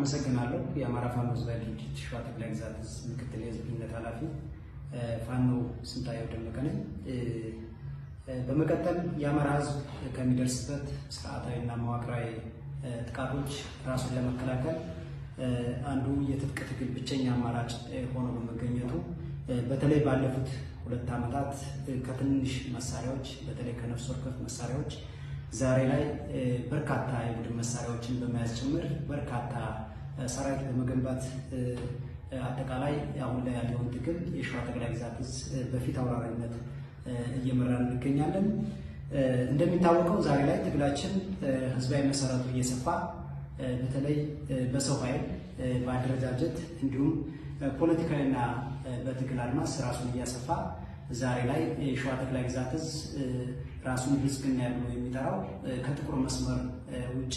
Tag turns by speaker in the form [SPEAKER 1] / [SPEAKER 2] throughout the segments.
[SPEAKER 1] አመሰግናለሁ። የአማራ ፋኖ ህዝባዊ ድርጅት ሸዋ ጠቅላይ ግዛት ምክትል የህዝብ ኃላፊ ፋኖ ስንታየው ደመቀ ነኝ። በመቀጠል የአማራ ህዝብ ከሚደርስበት ስርዓታዊና መዋቅራዊ ጥቃቶች ራሱን ለመከላከል አንዱ የትጥቅ ትግል ብቸኛ አማራጭ ሆኖ በመገኘቱ በተለይ ባለፉት ሁለት ዓመታት ከትንሽ መሳሪያዎች በተለይ ከነፍስ ወከፍ መሳሪያዎች ዛሬ ላይ በርካታ የቡድን መሳሪያዎችን በመያዝ ጭምር በርካታ ሰራዊት በመገንባት አጠቃላይ አሁን ላይ ያለውን ትግል የሸዋ ጠቅላይ ግዛት በፊት አውራሪነት እየመራን እንገኛለን። እንደሚታወቀው ዛሬ ላይ ትግላችን ህዝባዊ መሰረቱ እየሰፋ በተለይ በሰው ኃይል በአደረጃጀት እንዲሁም ፖለቲካዊና በትግል አድማስ ራሱን እያሰፋ ዛሬ ላይ የሸዋ ጠቅላይ ግዛት ራሱን ብልጽግና ያለው የሚጠራው ከጥቁር መስመር ውጭ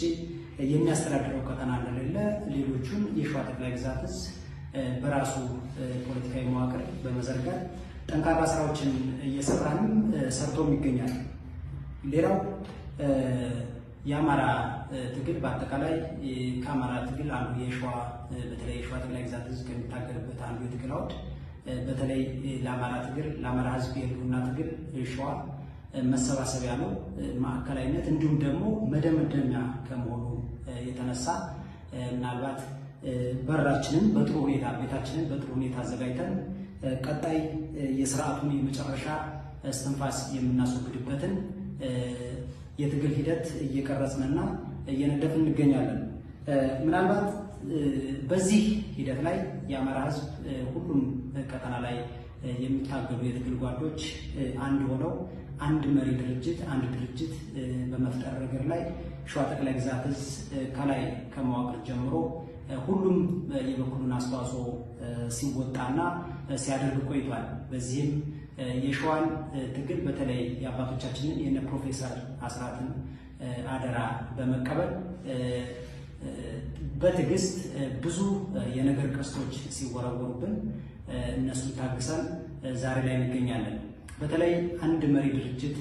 [SPEAKER 1] የሚያስተዳድረው ቀጠና እንደሌለ ሌሎቹን የሸዋ ጠቅላይ ግዛትስ በራሱ ፖለቲካዊ መዋቅር በመዘርጋት ጠንካራ ስራዎችን እየሰራንም ሰርቶም ይገኛል። ሌላው የአማራ ትግል በአጠቃላይ ከአማራ ትግል አንዱ የሸዋ በተለይ የሸዋ ጠቅላይ ግዛት ህዝብ ከሚታገልበት አንዱ የትግል አውድ በተለይ ለአማራ ትግል ለአማራ ህዝብ የህልውና ትግል ሸዋ መሰባሰቢያ ነው፣ ማዕከላዊነት እንዲሁም ደግሞ መደምደሚያ ከመሆኑ የተነሳ ምናልባት በራችንን በጥሩ ሁኔታ ቤታችንን በጥሩ ሁኔታ አዘጋጅተን ቀጣይ የስርዓቱን የመጨረሻ እስትንፋስ የምናስወግድበትን የትግል ሂደት እየቀረጽንና እየነደፍን እንገኛለን። ምናልባት በዚህ ሂደት ላይ የአማራ ሕዝብ ሁሉም ቀጠና ላይ የሚታገሉ የትግል ጓዶች አንድ ሆነው አንድ መሪ ድርጅት አንድ ድርጅት በመፍጠር ነገር ላይ ሸዋ ጠቅላይ ግዛት እዝ ከላይ ከመዋቅር ጀምሮ ሁሉም የበኩሉን አስተዋጽኦ ሲወጣና ሲያደርግ ቆይቷል። በዚህም የሸዋን ትግል በተለይ የአባቶቻችንን የነ ፕሮፌሰር አስራትን አደራ በመቀበል በትዕግስት ብዙ የነገር ቀስቶች ሲወረወሩብን እነሱን ታግሰን ዛሬ ላይ እንገኛለን። በተለይ አንድ መሪ ድርጅት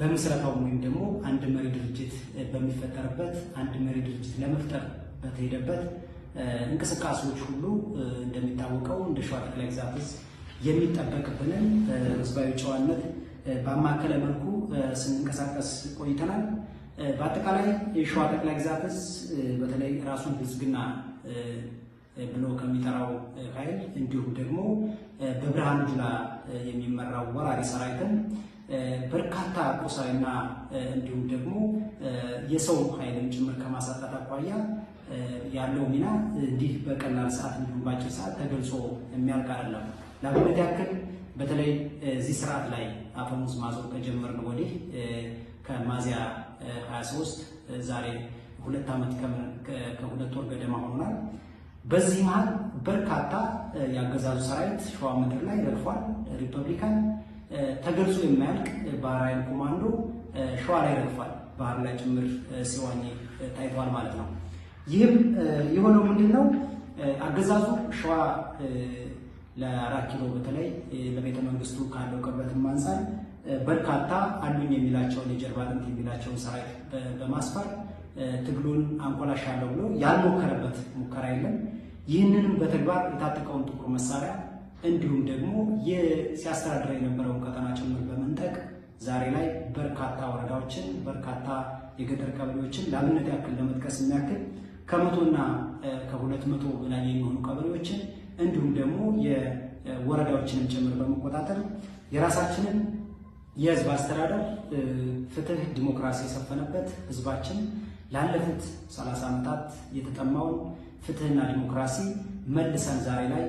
[SPEAKER 1] በምስረታው ወይም ደግሞ አንድ መሪ ድርጅት በሚፈጠርበት አንድ መሪ ድርጅት ለመፍጠር በተሄደበት እንቅስቃሴዎች ሁሉ እንደሚታወቀው እንደ ሸዋ ጠቅላይ ግዛት የሚጠበቅብንን ህዝባዊ ጨዋነት በአማከለ መልኩ ስንንቀሳቀስ ቆይተናል። በአጠቃላይ የሸዋ ጠቅላይ ግዛት በተለይ ራሱን ብልጽግና ብሎ ከሚጠራው ኃይል እንዲሁም ደግሞ በብርሃኑ ጁላ የሚመራው ወራሪ ሰራዊትን በርካታ ቁሳዊና እንዲሁም ደግሞ የሰው ኃይልን ጭምር ከማሳጣት አኳያ ያለው ሚና እንዲህ በቀላል ሰዓት እንዲሁም በአጭር ሰዓት ተገልጾ የሚያልቅ አይደለም። ለአብነት ያክል በተለይ እዚህ ስርዓት ላይ አፈሙዝ ማዞር ከጀመርን ወዲህ ከማዚያ 23 ዛሬ ሁለት ዓመት ከሁለት ወር ገደማ ሆኗል። በዚህ መሀል በርካታ የአገዛዙ ሰራዊት ሸዋ ምድር ላይ ረግፏል። ሪፐብሊካን ተገልጾ የማያልቅ ባህር ኃይል ኮማንዶ ሸዋ ላይ ረግፏል። ባህር ላይ ጭምር ሲዋኝ ታይቷል ማለት ነው። ይህም የሆነው ምንድን ነው? አገዛዙ ሸዋ ለአራት ኪሎ በተለይ ለቤተ መንግስቱ ካለው ቅርበትም አንፃር በርካታ አሉኝ የሚላቸውን የጀርባ አጥንት የሚላቸውን ሰራዊት በማስፈር ትግሉን አንቆላሻለሁ ብሎ ያልሞከረበት ሙከራ የለም። ይህንንም በተግባር የታጠቀውን ጥቁር መሳሪያ እንዲሁም ደግሞ ሲያስተዳድር የነበረውን ቀጠና ጭምር በመንጠቅ ዛሬ ላይ በርካታ ወረዳዎችን በርካታ የገጠር ቀበሌዎችን ለአብነት ያክል ለመጥቀስ የሚያክል ከመቶና ከሁለት መቶ በላይ የሚሆኑ ቀበሌዎችን እንዲሁም ደግሞ የወረዳዎችንም ጭምር በመቆጣጠር የራሳችንን የህዝብ አስተዳደር ፍትህ፣ ዲሞክራሲ የሰፈነበት ህዝባችን ላለፉት 30 ዓመታት የተጠማውን ፍትህና ዲሞክራሲ መልሰን ዛሬ ላይ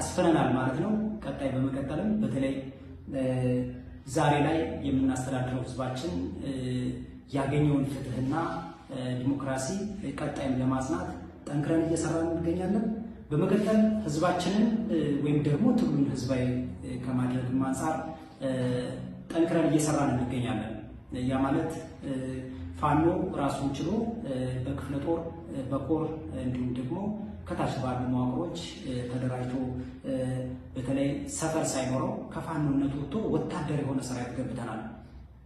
[SPEAKER 1] አስፈነናል ማለት ነው። ቀጣይ በመቀጠልም በተለይ ዛሬ ላይ የምናስተዳድረው ህዝባችን ያገኘውን ፍትህና ዲሞክራሲ ቀጣይም ለማጽናት ጠንክረን እየሰራን እንገኛለን። በመቀጠል ህዝባችንን ወይም ደግሞ ትግሉን ህዝባዊ ከማድረግ አንጻር ጠንክረን እየሰራን እንገኛለን። ያ ማለት ፋኖ ራሱን ችሎ በክፍለ ጦር በኮር እንዲሁም ደግሞ ከታች ባሉ መዋቅሮች ተደራጅቶ በተለይ ሰፈር ሳይኖረው ከፋኖነት ወጥቶ ወታደር የሆነ ሰራዊት ገብተናል።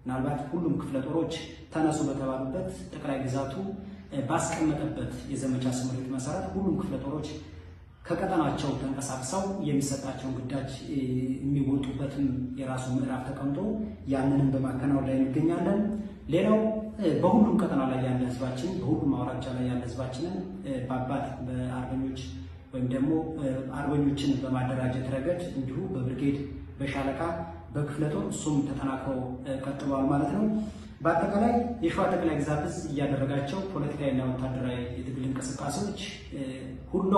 [SPEAKER 1] ምናልባት ሁሉም ክፍለ ጦሮች ተነሱ በተባሉበት ጠቅላይ ግዛቱ ባስቀመጠበት የዘመቻ ስምሪት መሰረት ሁሉም ክፍለ ጦሮች ከቀጠናቸው ተንቀሳቅሰው የሚሰጣቸውን ግዳጅ የሚወጡበትም የራሱ ምዕራፍ ተቀምጦ ያንንም በማከናወን ላይ እንገኛለን። ሌላው በሁሉም ቀጠና ላይ ያለ ህዝባችን በሁሉም አውራጃ ላይ ያለ ህዝባችንን በአባት በአርበኞች ወይም ደግሞ አርበኞችን በማደራጀት ረገድ እንዲሁ በብርጌድ በሻለቃ በክፍለ እሱም ተጠናክሮ ቀጥሏል ማለት ነው። በአጠቃላይ የሸዋ ጠቅላይ ግዛት ዕዝ እያደረጋቸው ፖለቲካዊና ወታደራዊ የትግል እንቅስቃሴዎች ሁሉ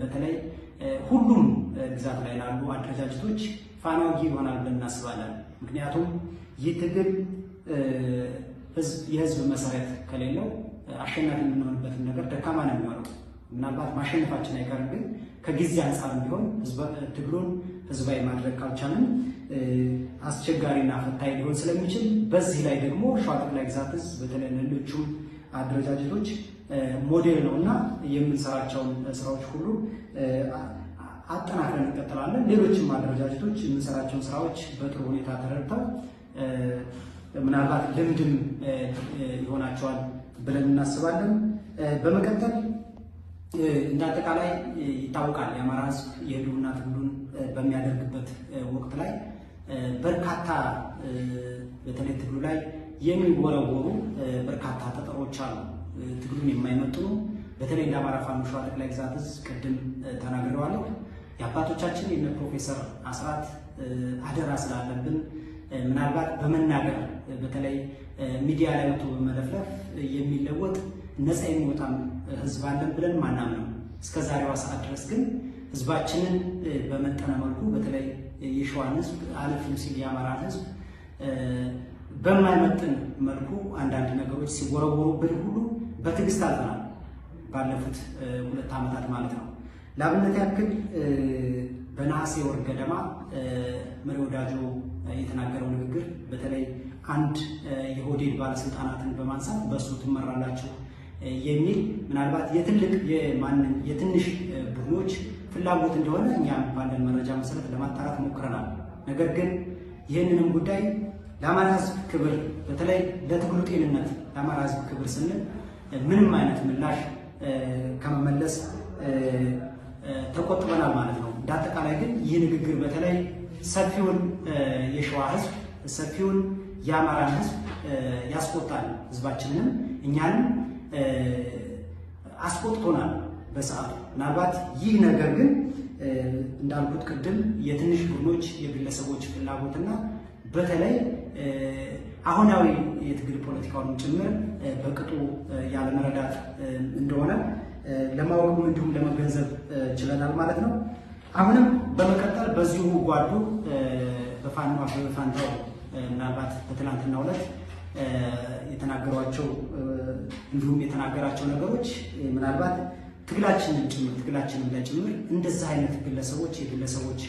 [SPEAKER 1] በተለይ ሁሉም ግዛት ላይ ላሉ አደረጃጀቶች ፋና ይሆናል ብለን እናስባለን። ምክንያቱም ይህ ትግል የህዝብ መሰረት ከሌለው አሸናፊ የምንሆንበትን ነገር ደካማ ነው የሚሆነው። ምናልባት ማሸነፋችን አይቀርም፣ ግን ከጊዜ አንጻር ቢሆን ትግሉን ህዝባዊ ማድረግ ካልቻለን አስቸጋሪና ፈታኝ ሊሆን ስለሚችል በዚህ ላይ ደግሞ ሸዋ ጠቅላይ ግዛት እዝ በተለይ ሌሎቹም አደረጃጀቶች ሞዴል ነው እና የምንሰራቸውን ስራዎች ሁሉ አጠናክረን እንቀጥላለን። ሌሎችም አደረጃጀቶች የምንሰራቸውን ስራዎች በጥሩ ሁኔታ ተረድተው ምናልባት ልምድም ይሆናቸዋል ብለን እናስባለን። በመቀጠል እንደ አጠቃላይ ይታወቃል የአማራ ሕዝብ የህልውና ትግሉን በሚያደርግበት ወቅት ላይ በርካታ በተለይ ትግሉ ላይ የሚወረወሩ በርካታ ጠጠሮች አሉ። ትግሉን የማይመጥኑ በተለይ እንደ አማራ ፋኖ ሸዋ ጠቅላይ ግዛት ቅድም ተናግረዋለሁ። የአባቶቻችን የነ ፕሮፌሰር አስራት አደራ ስላለብን ምናልባት በመናገር በተለይ ሚዲያ ላይ መቶ በመለፍለፍ የሚለወጥ ነፃ የሚወጣም ህዝብ አለን ብለን ማናም ነው። እስከ ዛሬዋ ሰዓት ድረስ ግን ህዝባችንን በመጠነ መልኩ በተለይ የሸዋን ህዝብ አለፍም ሲል የአማራን ህዝብ በማይመጥን መልኩ አንዳንድ ነገሮች ሲወረወሩብን ሁሉ በትዕግስት አልፈናል፣ ባለፉት ሁለት ዓመታት ማለት ነው። ለአብነት ያክል በነሐሴ ወር ገደማ መሪ ወዳጆ የተናገረው ንግግር በተለይ አንድ የሆቴል ባለስልጣናትን በማንሳት በእሱ ትመራላችሁ የሚል ምናልባት የትልቅ የማንን የትንሽ ቡድኖች ፍላጎት እንደሆነ እኛም ባለን መረጃ መሰረት ለማጣራት ሞክረናል። ነገር ግን ይህንንም ጉዳይ ለአማራ ሕዝብ ክብር በተለይ ለትግሉ ጤንነት ለአማራ ሕዝብ ክብር ስንል ምንም አይነት ምላሽ ከመመለስ ተቆጥበናል ማለት ነው። እንደ አጠቃላይ ግን ይህ ንግግር በተለይ ሰፊውን የሸዋ ህዝብ ሰፊውን የአማራን ህዝብ ያስቆጣል። ህዝባችንንም እኛንም አስቆጥቶናል በሰዓቱ። ምናልባት ይህ ነገር ግን እንዳልኩት ቅድም የትንሽ ቡድኖች የግለሰቦች ፍላጎትና በተለይ አሁናዊ የትግል ፖለቲካውን ጭምር በቅጡ ያለመረዳት እንደሆነ ለማወቅም እንዲሁም ለመገንዘብ ችለናል ማለት ነው። አሁንም በመቀጠል በዚሁ ጓዱ በፋኖ አበበ ፋንታው ምናልባት በትናንትናው ዕለት የተናገሯቸው እንዲሁም የተናገራቸው ነገሮች ምናልባት ትግላችንን ጭምር ትግላችንን ለጭምር እንደዛ እንደዚህ አይነት ግለሰቦች የግለሰቦች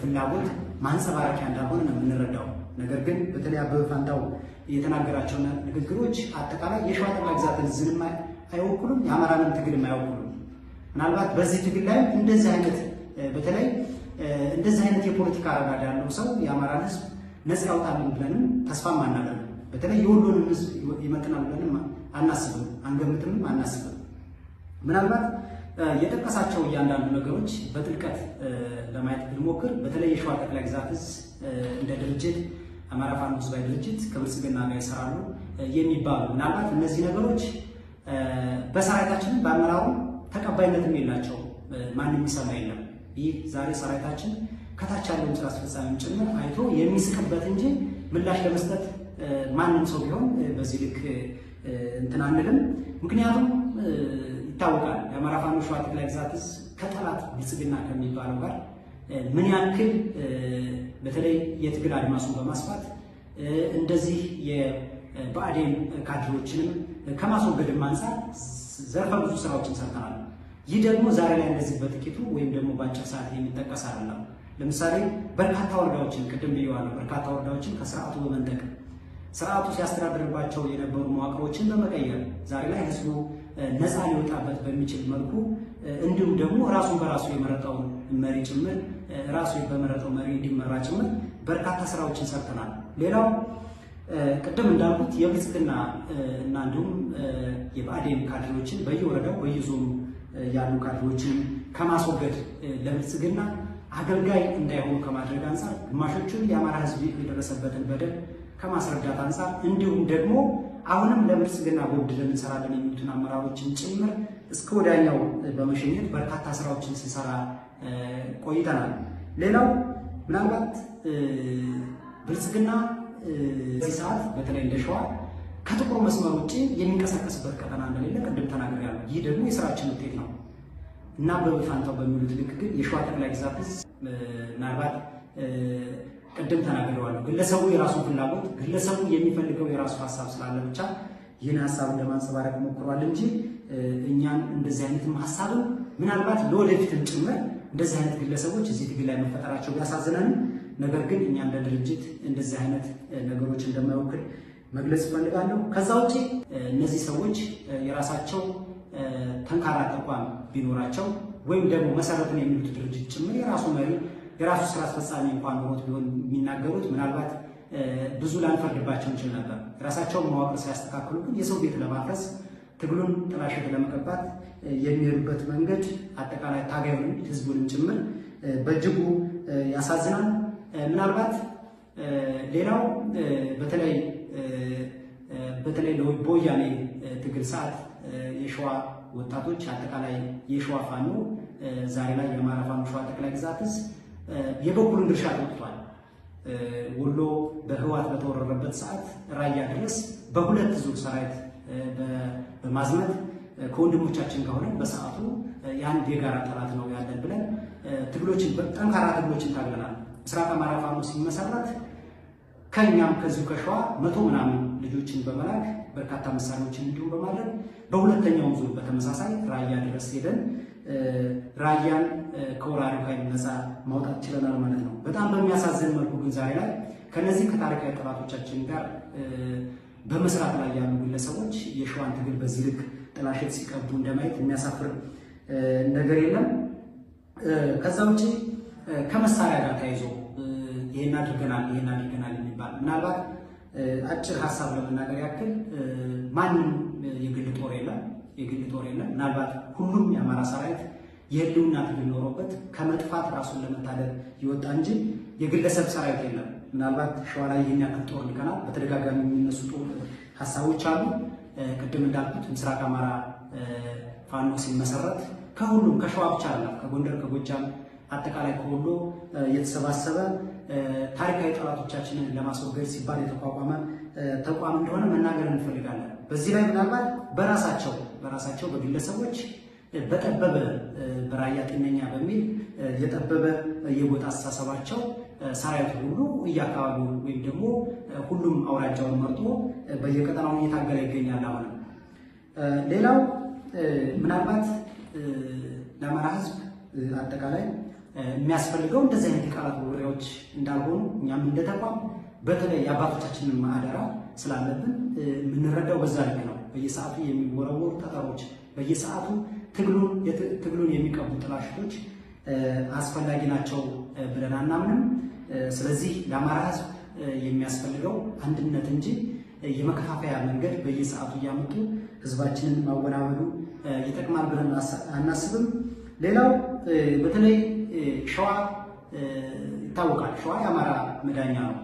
[SPEAKER 1] ፍላጎት ማንጸባረቂያ እንዳልሆነ ነው የምንረዳው። ነገር ግን በተለይ አበበ ፋንታው የተናገራቸው ንግግሮች አጠቃላይ የሸዋ ጠቅላይ ግዛትን ዝንም አይወክሉም፣ የአማራንም ትግልም አይወክሉም። ምናልባት በዚህ ትግል ላይም እንደዚህ አይነት በተለይ እንደዚህ አይነት የፖለቲካ አረዳድ ያለው ሰው የአማራን ህዝብ ነፃ ያውጣልን ብለንም ተስፋ አናደርግም። በተለይ የሁሉንም ህዝብ ይመጥናል ብለንም አናስብም፣ አንገምትምም፣ አናስብም። ምናልባት የጠቀሳቸው እያንዳንዱ ነገሮች በጥልቀት ለማየት ብንሞክር በተለይ የሸዋ ጠቅላይ ግዛት እዝ እንደ ድርጅት አማራ ፋኖ ህዝባዊ ድርጅት ከብልጽግና ጋር ይሰራሉ የሚባሉ ምናልባት እነዚህ ነገሮች በሰራዊታችንም በአመራሩ ተቀባይነትም የላቸው ማንም ይሰማ የለም። ይህ ዛሬ ሰራዊታችን ከታች ያለውን ስራ አስፈጻሚም ጭምር አይቶ የሚስቅበት እንጂ ምላሽ ለመስጠት ማንም ሰው ቢሆን በዚህ ልክ እንትን አንልም። ምክንያቱም ይታወቃል የአማራ ፋኖ ሸዋ ጠቅላይ ግዛት ከጠላት ብልጽግና ከሚባለው ጋር ምን ያክል በተለይ የትግል አድማሱን በማስፋት እንደዚህ የብአዴን ካድሬዎችንም ከማስወገድም አንጻር ዘርፈ ብዙ ስራዎችን ሰርተናል። ይህ ደግሞ ዛሬ ላይ እንደዚህ በጥቂቱ ወይም ደግሞ በአጭር ሰዓት የሚጠቀስ አይደለም። ለምሳሌ በርካታ ወረዳዎችን ቅድም ብየዋለሁ። በርካታ ወረዳዎችን ከስርዓቱ በመንጠቅ ስርዓቱ ሲያስተዳድርባቸው የነበሩ መዋቅሮችን በመቀየር ዛሬ ላይ ህዝቡ ነፃ ሊወጣበት በሚችል መልኩ እንዲሁም ደግሞ ራሱን በራሱ የመረጠውን መሪ ጭምር ራሱ በመረጠው መሪ እንዲመራ ጭምር በርካታ ስራዎችን ሰርተናል። ሌላው ቅድም እንዳልኩት የብልጽግና እና እንዲሁም የብአዴን ካድሬዎችን በየወረዳው በየዞኑ ያሉ ካድሬዎችን ከማስወገድ ለብልጽግና አገልጋይ እንዳይሆኑ ከማድረግ አንጻር ግማሾቹን የአማራ ሕዝብ የደረሰበትን በደል ከማስረዳት አንጻር እንዲሁም ደግሞ አሁንም ለብልጽግና ጎድለን እንሰራለን የሚሉትን አመራሮችን ጭምር እስከ ወዲያኛው በመሸኘት በርካታ ስራዎችን ስንሰራ ቆይተናል። ሌላው ምናልባት ብልጽግና በዚህ ሰዓት በተለይ እንደ ሸዋ ከጥቁር መስመር ውጭ የሚንቀሳቀስበት ቀጠና እንደሌለ ቅድም ተናግሬያለሁ። ይህ ደግሞ የስራችን ውጤት ነው እና በፋንታው ፋንታው በሚሉት ልክ ግን የሸዋ ጠቅላይ ግዛት ምናልባት ቅድም ተናግሬዋለሁ። ግለሰቡ የራሱ ፍላጎት ግለሰቡ የሚፈልገው የራሱ ሀሳብ ስላለ ብቻ ይህን ሀሳብ ለማንጸባረቅ ሞክሯል እንጂ እኛን እንደዚህ አይነትም ሀሳብም ምናልባት ለወደፊትም ጭምር እንደዚህ አይነት ግለሰቦች እዚህ ትግል ላይ መፈጠራቸው ቢያሳዝነንም ነገር ግን እኛ እንደ ድርጅት እንደዚህ አይነት ነገሮች እንደማይወክል መግለጽ እፈልጋለሁ። ከዛ ውጪ እነዚህ ሰዎች የራሳቸው ተንካራ ተቋም ቢኖራቸው ወይም ደግሞ መሰረቱን የሚሉት ድርጅት ጭምር የራሱ መሪ የራሱ ስራ አስፈጻሚ እንኳን ኖሮት ቢሆን የሚናገሩት ምናልባት ብዙ ላንፈርድባቸው እንችል ነበር። የራሳቸውን መዋቅር ሲያስተካክሉ ግን የሰው ቤት ለማፍረስ ትግሉን ጥላሸት ለመቀባት የሚሄዱበት መንገድ አጠቃላይ ታጋዩን ህዝቡንም ጭምር በእጅጉ ያሳዝናል። ምናልባት ሌላው በተለይ በተለይ በወያኔ ትግል ሰዓት የሸዋ ወጣቶች አጠቃላይ የሸዋ ፋኖ ዛሬ ላይ የአማራ ፋኖ ሸዋ ጠቅላይ ግዛትስ የበኩሉን ድርሻ ተወጥቷል። ወሎ በህዋት በተወረረበት ሰዓት ራያ ድረስ በሁለት ዙር ሰራዊት በማዝመት ከወንድሞቻችን ከሆነ በሰዓቱ የአንድ የጋራ ጠላት ነው ያለን ብለን ትግሎችን በጠንካራ ትግሎችን ታግለናል። ምስራቅ አማራ ፋኖ ሲመሰረት ከኛም ከዚሁ ከሸዋ መቶ ምናምን ልጆችን በመላክ በርካታ መሳሪያዎችን እንዲሁም በማድረግ በሁለተኛው ዙር በተመሳሳይ ራያ ድረስ ሄደን ራያን ከወራሪው ኃይል ነፃ ማውጣት ችለናል ማለት ነው። በጣም በሚያሳዝን መልኩ ግን ዛሬ ላይ ከነዚህ ከታሪካዊ ጠላቶቻችን ጋር በመስራት ላይ ያሉ ግለሰቦች የሸዋን ትግል በዚህ ልክ ጥላሸት ሲቀቡ እንደማየት የሚያሳፍር ነገር የለም። ከዛ ውጭ ከመሳሪያ ጋር ተያይዞ ይህን አድርገናል ይህን አድርገናል ምናልባት አጭር ሀሳብ ለመናገር ያክል ማንም የግል ጦር የለም፣ የግል ጦር የለም። ምናልባት ሁሉም የአማራ ሰራዊት የህልውና ትግል ኖሮበት ከመጥፋት ራሱን ለመታደግ ይወጣ እንጂ የግለሰብ ሰራዊት የለም። ምናልባት ሸዋ ላይ ይህን ያክል ጦር ልከናል። በተደጋጋሚ የሚነሱ ጦር ሀሳቦች አሉ። ቅድም እንዳልኩት ምስራቅ አማራ ፋኖ ሲመሰረት ከሁሉም ከሸዋ ብቻ አለም። ከጎንደር፣ ከጎጃም አጠቃላይ ከወሎ የተሰባሰበ ታሪካዊ ጠላቶቻችንን ለማስወገድ ሲባል የተቋቋመ ተቋም እንደሆነ መናገር እንፈልጋለን። በዚህ ላይ ምናልባት በራሳቸው በራሳቸው በግለሰቦች በጠበበ በራያ ጤነኛ በሚል የጠበበ የጎጥ አስተሳሰባቸው ሰራዊት ሁሉ እያካባቢው ወይም ደግሞ ሁሉም አውራጃውን መርጦ በየቀጠናው እየታገለ ይገኛል። አሁንም ሌላው ምናልባት ለአማራ ሕዝብ አጠቃላይ የሚያስፈልገው እንደዚህ አይነት የቃላት መወሪያዎች እንዳልሆኑ እኛም እንደ ተቋም በተለይ የአባቶቻችንን ማዕደራ ስላለብን የምንረዳው በዛ ልክ ነው። በየሰዓቱ የሚወረወሩ ጠጠሮች፣ በየሰዓቱ ትግሉን የሚቀቡ ጥላሽቶች አስፈላጊ ናቸው ብለን አናምንም። ስለዚህ ለአማራ ሕዝብ የሚያስፈልገው አንድነት እንጂ የመከፋፈያ መንገድ በየሰዓቱ እያመጡ ህዝባችንን ማወናበዱ ይጠቅማል ብለን አናስብም። ሌላው በተለይ ሸዋ ይታወቃል። ሸዋ የአማራ መዳኛ ነው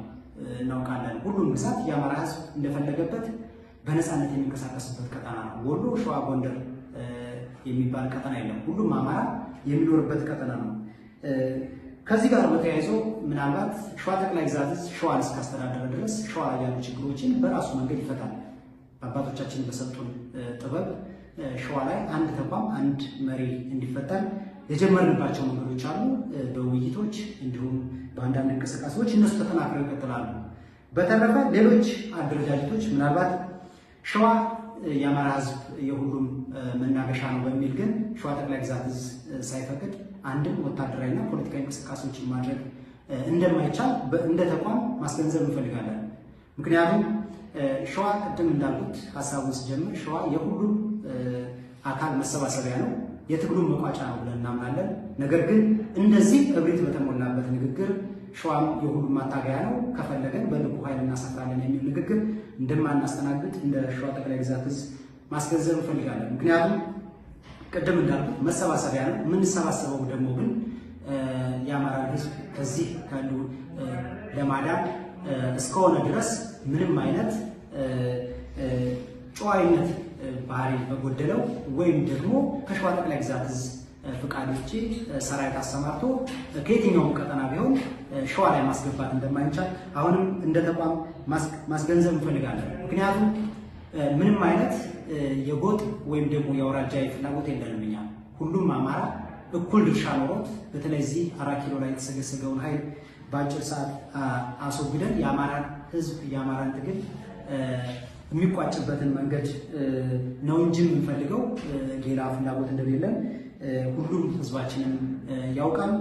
[SPEAKER 1] እናውቃለን። ሁሉም ግዛት የአማራ ህዝብ እንደፈለገበት በነፃነት የሚንቀሳቀስበት ቀጠና ነው። ወሎ፣ ሸዋ፣ ጎንደር የሚባል ቀጠና የለም። ሁሉም አማራ የሚኖርበት ቀጠና ነው። ከዚህ ጋር በተያይዞ ምናልባት ሸዋ ጠቅላይ ግዛት ሸዋን እስካስተዳደረ ድረስ ሸዋ ያሉ ችግሮችን በራሱ መንገድ ይፈታል። አባቶቻችን በሰጡን ጥበብ ሸዋ ላይ አንድ ተቋም አንድ መሪ እንዲፈጠር የጀመርንባቸው መንገዶች አሉ። በውይይቶች እንዲሁም በአንዳንድ እንቅስቃሴዎች እነሱ ተጠናክረው ይቀጥላሉ። በተረፈ ሌሎች አደረጃጀቶች ምናልባት ሸዋ የአማራ ሕዝብ የሁሉም መናገሻ ነው በሚል ግን ሸዋ ጠቅላይ ግዛት ዕዝ ሳይፈቅድ አንድም ወታደራዊና ፖለቲካዊ እንቅስቃሴዎችን ማድረግ እንደማይቻል እንደ ተቋም ማስገንዘብ እንፈልጋለን። ምክንያቱም ሸዋ ቅድም እንዳሉት ሀሳቡን ስጀምር ሸዋ የሁሉም አካል መሰባሰቢያ ነው፣ የትግሉም መቋጫ ነው ብለን እናምናለን። ነገር ግን እንደዚህ እብሪት በተሞላበት ንግግር ሸዋም የሁሉም ማታገያ ነው፣ ከፈለገን በልቁ ኃይል እናሰፍራለን የሚል ንግግር እንደማናስተናግድ እንደ ሸዋ ጠቅላይ ግዛት እዝ ማስገንዘብ እንፈልጋለን። ምክንያቱም ቅድም እንዳልኩት መሰባሰቢያ ነው። የምንሰባሰበው ደግሞ ግን የአማራ ሕዝብ ከዚህ ከሉ ለማዳን እስከሆነ ድረስ ምንም አይነት ጨዋይነት ባህሪ በጎደለው ወይም ደግሞ ከሸዋ ጠቅላይ ግዛት እዝ ፍቃድ ውጭ ሰራዊት አሰማርቶ ከየትኛውም ቀጠና ቢሆን ሸዋ ላይ ማስገባት እንደማይቻል አሁንም እንደ ተቋም ማስገንዘብ እንፈልጋለን። ምክንያቱም ምንም አይነት የጎጥ ወይም ደግሞ የአውራጃዊ ፍላጎት የለንም እኛ ሁሉም አማራ እኩል ድርሻ ኖሮት በተለይ እዚህ አራት ኪሎ ላይ የተሰገሰገውን ኃይል በአጭር ሰዓት አስወግደን የአማራን ህዝብ የአማራን ትግል የሚቋጭበትን መንገድ ነው እንጂ የምንፈልገው ሌላ ፍላጎት እንደሌለን ሁሉም ህዝባችንም ያውቃል።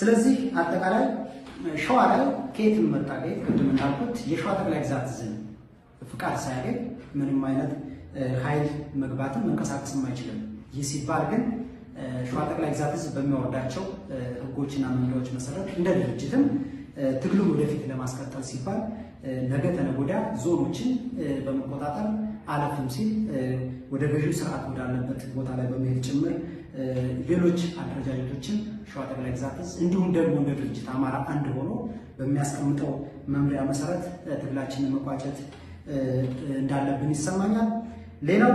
[SPEAKER 1] ስለዚህ አጠቃላይ ሸዋ ላይ ከየት መጣ ከየት ቅድም እንዳልኩት የሸዋ ጠቅላይ ግዛት ዝን ፍቃድ ሳያገኝ ምንም አይነት ኃይል መግባትም መንቀሳቀስም አይችልም። ይህ ሲባል ግን ሸዋ ጠቅላይ ግዛት ህዝብ በሚያወርዳቸው ህጎችና መመሪያዎች መሰረት እንደ ድርጅትም ትግሉን ወደፊት ለማስቀጠል ሲባል ነገ ተነጎዳ ዞኖችን በመቆጣጠር አለፍም ሲል ወደ ገዢው ስርዓት ወዳለበት ቦታ ላይ በመሄድ ጭምር ሌሎች አደረጃጀቶችን ሸዋ ጠቅላይ ግዛት እንዲሁም ደግሞ እንደ ድርጅት አማራ አንድ ሆኖ በሚያስቀምጠው መምሪያ መሰረት ትግላችንን መቋጨት እንዳለብን ይሰማኛል። ሌላው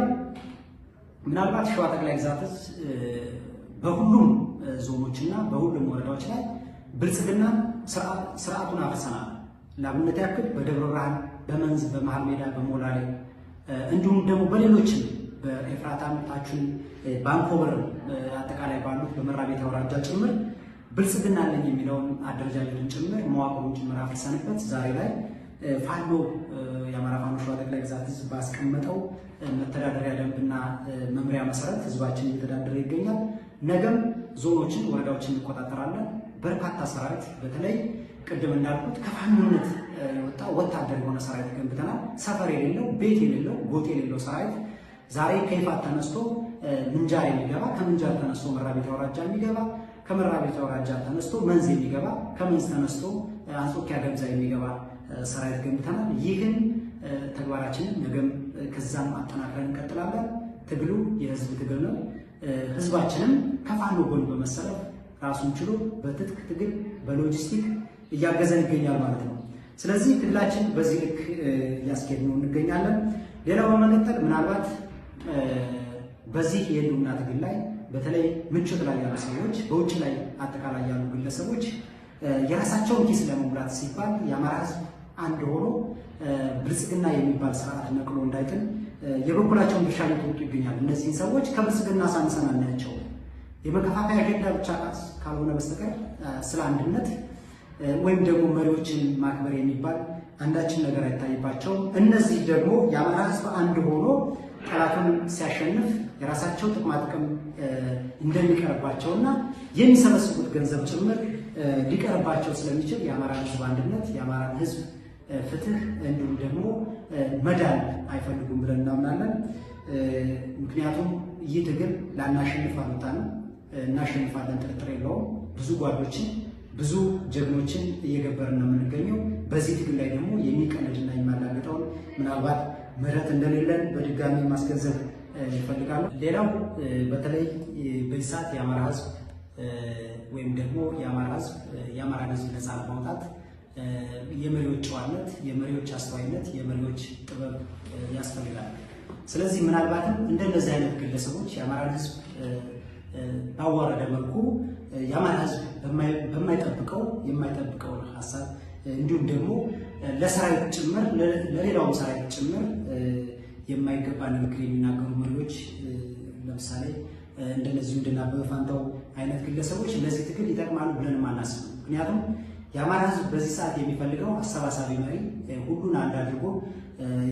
[SPEAKER 1] ምናልባት ሸዋ ጠቅላይ ግዛት በሁሉም ዞኖችና በሁሉም ወረዳዎች ላይ ብልጽግና ስርዓቱን አፍርሰናል። ለአብነት ያክል በደብረ ብርሃን፣ በመንዝ፣ በመሀል ሜዳ፣ በሞላሌ እንዲሁም ደግሞ በሌሎችም በኤፍራታ ምታችን ባንኮበር አጠቃላይ ባሉት በመራቤት አውራጃ ጭምር ብልጽግና አለኝ የሚለውን አደረጃጀትን ጭምር መዋቅሩን ጭምር አፍርሰንበት ዛሬ ላይ ፋኖ የአማራ ፋኖ ሸዋ ጠቅላይ ግዛት ህዝብ ባስቀመጠው መተዳደሪያ ደንብና መምሪያ መሰረት ህዝባችን እየተዳደረ ይገኛል። ነገም ዞኖችን፣ ወረዳዎችን እንቆጣጠራለን። በርካታ ሰራዊት በተለይ ቅድም እንዳልኩት ከፋኖነት የወጣ ወታደር የሆነ ሰራዊት ገንብተናል። ሰፈር የሌለው ቤት የሌለው ጎጥ የሌለው ሰራዊት ዛሬ ከይፋት ተነስቶ ምንጃር የሚገባ ከምንጃር ተነስቶ መራቤት አውራጃ የሚገባ ከመራቤት አውራጃ ተነስቶ መንዝ የሚገባ ከመንዝ ተነስቶ አንጾኪያ ገብዛ የሚገባ ሰራዊት ገንብተናል። ይህን ተግባራችንን ነገም ከዛም አጠናክረን እንቀጥላለን። ትግሉ የህዝብ ትግል ነው። ህዝባችንም ከፋኖ ጎን በመሰለፍ ራሱን ችሎ በትጥቅ ትግል በሎጂስቲክ እያገዘን ይገኛል ማለት ነው። ስለዚህ ትግላችን በዚህ ልክ እያስኬድ ነው እንገኛለን። ሌላው በመቀጠል ምናልባት በዚህ የህልውና ትግል ላይ በተለይ ምቾት ላይ ያሉ ሰዎች፣ በውጭ ላይ አጠቃላይ ያሉ ግለሰቦች የራሳቸውን ኪስ ለመሙላት ሲባል የአማራ ህዝብ አንድ ሆኖ ብልጽግና የሚባል ስርዓት ነቅሎ እንዳይጥን የበኩላቸውን ድርሻ እየተወጡ ይገኛሉ። እነዚህን ሰዎች ከብልጽግና ሳንሰን አናያቸው። የመከፋፈያ አጀንዳ ብቻ ካልሆነ በስተቀር ስለ አንድነት ወይም ደግሞ መሪዎችን ማክበር የሚባል አንዳችን ነገር አይታይባቸውም። እነዚህ ደግሞ የአማራ ሕዝብ አንድ ሆኖ ጠላቱን ሲያሸንፍ የራሳቸው ጥቅማ ጥቅም እንደሚቀርባቸውና የሚሰበስቡት ገንዘብ ጭምር ሊቀርባቸው ስለሚችል የአማራ ሕዝብ አንድነት የአማራ ሕዝብ ፍትህ እንዲሁም ደግሞ መዳን አይፈልጉም ብለን እናምናለን። ምክንያቱም ይህ ትግል ላናሸንፍ አልወጣ ነው፣ እናሸንፋለን፣ ጥርጥር የለውም። ብዙ ጓዶችን ብዙ ጀግኖችን እየገበርን ነው የምንገኘው። በዚህ ትግል ላይ ደግሞ የሚቀነድና የማላገጠውን ምናልባት ምህረት እንደሌለን በድጋሚ ማስገንዘብ ይፈልጋሉ። ሌላው በተለይ በዚህ ሰዓት የአማራ ህዝብ ወይም ደግሞ የአማራ ህዝብ የአማራ ህዝብ ነፃ ለማውጣት የመሪዎች ጨዋነት፣ የመሪዎች አስተዋይነት፣ የመሪዎች ጥበብ ያስፈልጋል። ስለዚህ ምናልባትም እንደነዚህ አይነት ግለሰቦች የአማራን ህዝብ ባዋረደ መልኩ የአማራ ህዝብ በማይጠብቀው የማይጠብቀውን ሀሳብ እንዲሁም ደግሞ ለሰራዊት ጭምር ለሌላውም ሰራዊት ጭምር የማይገባ ንግግር የሚናገሩ መሪዎች ለምሳሌ እንደነዚሁ እንደናበበ ፋንታው አይነት ግለሰቦች ለዚህ ትግል ይጠቅማሉ ብለን አናስብም። ምክንያቱም የአማራ ህዝብ በዚህ ሰዓት የሚፈልገው አሰባሳቢ መሪ፣ ሁሉን አንድ አድርጎ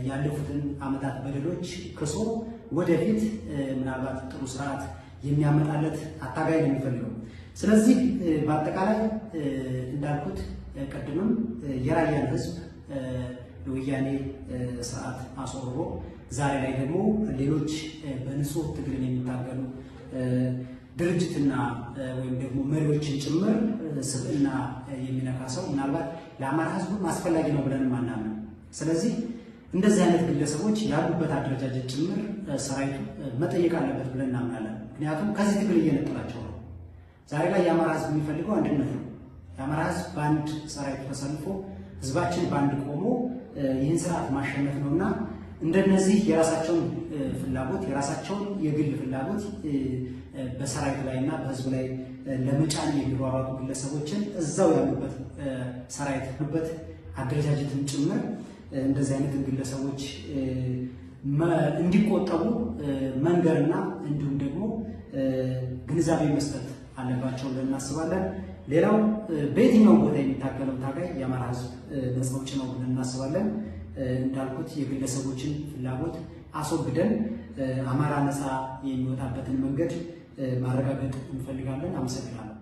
[SPEAKER 1] ያለፉትን ዓመታት በደሎች ክሶ ወደፊት ምናልባት ጥሩ ስርዓት የሚያመጣለት አታጋይ ነው የሚፈልገው። ስለዚህ በአጠቃላይ እንዳልኩት ቅድምም የራያን ህዝብ የወያኔ ስርዓት አስወርሮ ዛሬ ላይ ደግሞ ሌሎች በንጹህ ትግልን የሚታገሉ ድርጅትና ወይም ደግሞ መሪዎችን ጭምር ስብዕና የሚነካ ሰው ምናልባት ለአማራ ህዝቡ አስፈላጊ ነው ብለን አናምንም። ስለዚህ እንደዚህ አይነት ግለሰቦች ያሉበት አደረጃጀት ጭምር ሰራዊቱ መጠየቅ አለበት ብለን እናምናለን። ምክንያቱም ከዚህ ትግል እየነጠላቸው ነው። ዛሬ ላይ የአማራ ህዝብ የሚፈልገው አንድነት ነው። የአማራ ህዝብ በአንድ ሰራዊቱ ተሰልፎ ህዝባችን በአንድ ቆሞ ይህን ስርዓት ማሸነፍ ነው እና እንደነዚህ የራሳቸውን ፍላጎት የራሳቸውን የግል ፍላጎት በሰራዊት ላይ እና በህዝብ ላይ ለመጫን የሚሯሯጡ ግለሰቦችን እዛው ያሉበት ሰራዊት ያሉበት አደረጃጀትን ጭምር እንደዚህ አይነት ግለሰቦች እንዲቆጠቡ መንገርና እንዲሁም ደግሞ ግንዛቤ መስጠት አለባቸው ብለን እናስባለን። ሌላው በየትኛው ቦታ የሚታገለው ታጋይ የአማራ ህዝብ ነፃ አውጪ ነው ብለን እናስባለን። እንዳልኩት የግለሰቦችን ፍላጎት አስወግደን አማራ ነፃ የሚወጣበትን መንገድ ማረጋገጥ እንፈልጋለን። አመሰግናለሁ።